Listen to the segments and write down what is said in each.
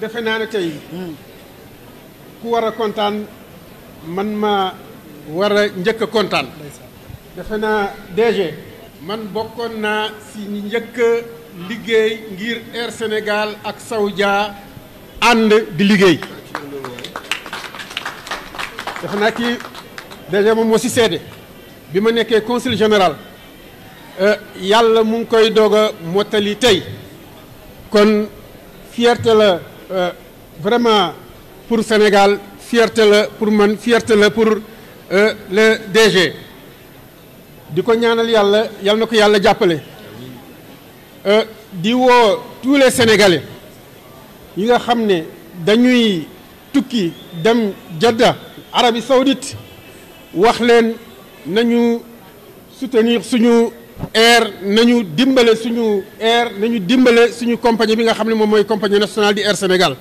defe naa ne tey ku war a kontaan man ma war a njëkk a kontaan defe naa DG man bokkoon naa si ñi njëkk liggéey ngir Air Sénégal ak Saudia ànd di liggéey defe naa kii DG moom moo si seede bi ma nekkee consul général euh, yàlla mu ngi koy doog a mottali tey kon fierté la Euh, vraiment pour Sénégal fierté la pour man fierté la pour euh, le DG di ko ñaanal yàlla yal na ko yàlla jàppale euh, di woo tous les Sénégalais yi nga xam ne dañuy tukki dem Jeddah Arabie Saoudite wax leen nañu soutenir suñu air nañu dimbale suñu air nañu dimbale suñu compagnie bi nga xam ne moom mooy compagnie nationale di air Sénégal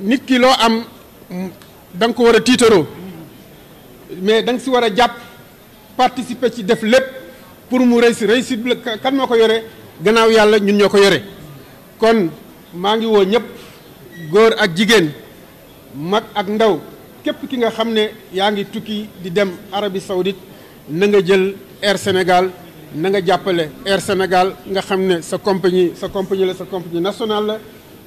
nit ki loo am da ko war a tiitaroo mais danga si war a jàpp participer ci def lépp pour mu réussir réussir kan moo ko yore gannaaw yàlla ñun ñoo ko yore kon maa ngi woo ñëpp góor ak jigéen mag ak ndaw képp ki nga xam ne yaa ngi tukki di dem Arabie Saoudite na nga jël air Sénégal na nga jàppale Air Sénégal nga xam ne sa compagnie sa compagnie la sa compagnie nationale la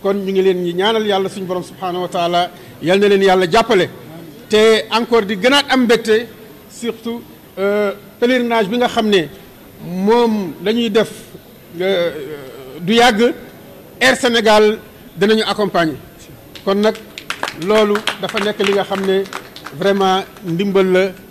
kon ñu ngi leen ñi ñaanal yàlla suñu borom subhaanahu wa taala yal na leen yàlla jàppale te encore di gënaat am mbégte surtout euh, pèlerinage bi nga xam ne moom dañuy def euh, du yàgg Air Sénégal dinañu accompagner kon nag loolu dafa nekk li nga xam ne vraiment ndimbal la